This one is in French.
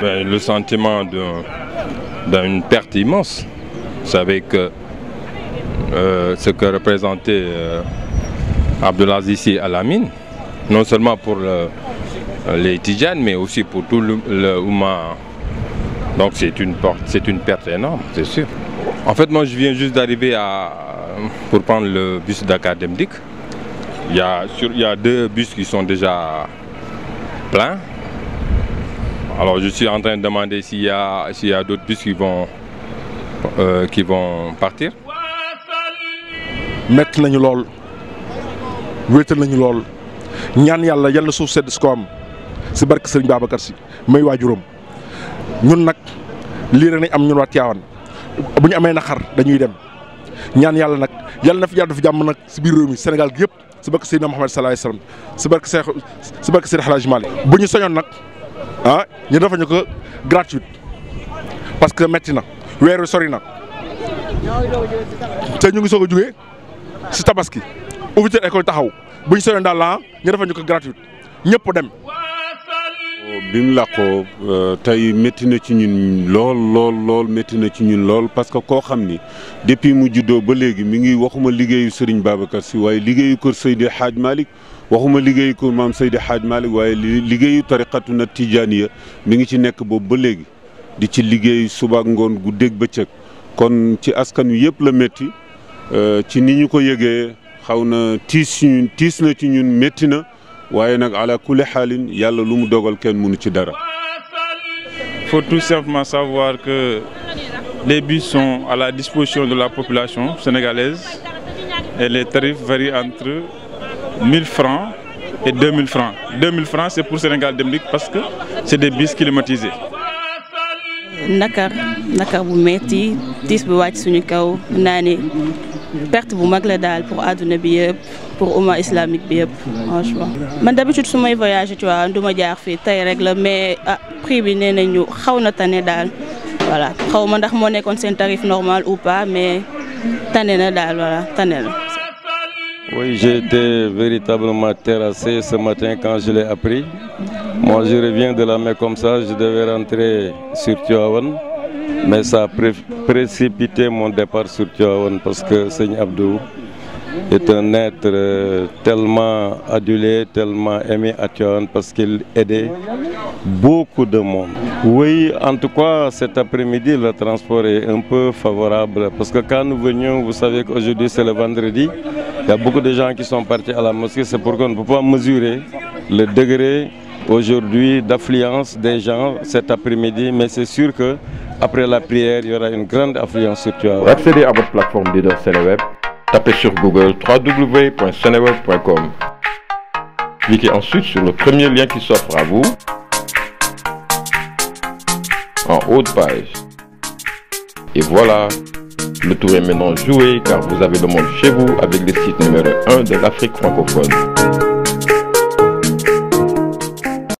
Ben, le sentiment d'une perte immense. Vous savez que euh, ce que représentait euh, Abdelaziz à la mine, non seulement pour les Tijanes, mais aussi pour tout le, humain donc c'est une, c'est une perte énorme, c'est sûr. En fait, moi je viens juste d'arriver à, pour prendre le bus d'académique. Il y, a, il y a deux bus qui sont déjà pleins. Alors je suis en train de demander s'il y a, y a d'autres bus qui vont, euh, qui vont partir. Mettre lool ñun nag lii rek nañ am ñun waa Tivaouane bu ñu amee na naqar dañuy dem ñaan yàlla nag yàlla na fi yàlla def jàmm nag si biir réew mi Sénégal gi yëpp si barke Seydina Muhammad sallallahu alayhi wasallam si barke Seex si barke Seydi Hadji bu ñu soñoon nag ah ñu dafa ñu ko gratuite parce que metti na weer sori na te ñu ngi soog a jugee si tabaski ouverture école taxaw bu ñu soñoon daal la ah, ñu dafa ñu ko gratuite ñëpp dem bi mu làqoo euh, tey métti na ci ñun lool lool lool métti na ci ñun lool parce que koo xam ni depuis mu juddoo ba léegi mi ngi waxuma liggéeyu Serigne Babacar Sy waaye liggéeyu kër Seydi xaaj Malick waxuma liggéeyu kër maam Seydi xaaj Malick waaye liggéeyu tariqatu na ya mi ngi ci nekk boobu ba léegi di ci liggéey suba ak ngoon gu dégg bëccëg kon ci askan wi yëpp la métti euh, ci ni ñu ko yëgee xaw na tiis tiis na ci ñun métti na. Il faut tout simplement savoir que les bus sont à la disposition de la population sénégalaise et les tarifs varient entre 1000 francs et 2000 francs. 2000 francs c'est pour Sénégal Dem parce que c'est des bus climatisés perte bu mag la dal pour aduna bi yëpp pour umma islamique bi yëpp franchement. man d'habitude su voyage, tu vois, waa du ma jaar fii tey rek la mais ah prix bi nenañu xawna tane dal voilà xawma ndax mo nekkoon sen tarif normal ou pas mais tane na dal voilà tane na. Oui, j'ai été véritablement terrassé ce matin quand je l'ai appris. Moi, je reviens de la mer comme ça, je devais rentrer sur Tuawan mais ça a précipité mon départ sur Tiawan parce que Seigne Abdou est un être euh, tellement adulé, tellement aimé à Tiawan parce qu'il aidait beaucoup de monde. Oui, en tout cas, cet après-midi, le transport est un peu favorable parce que quand nous venions, vous savez qu'aujourd'hui c'est le vendredi, il y a beaucoup de gens qui sont partis à la mosquée, c'est pourquoi on ne peut pas mesurer le degré aujourd'hui d'affluence des gens cet après-midi, mais c'est sûr que après la prière, il y aura une grande affluence sur Pour accéder à votre plateforme Leader Sénéweb, tapez sur Google www.seneweb.com. Cliquez ensuite sur le premier lien qui s'offre à vous en haut de page. Et voilà, le tour est maintenant joué car vous avez le monde chez vous avec le site numéro 1 de l'Afrique francophone.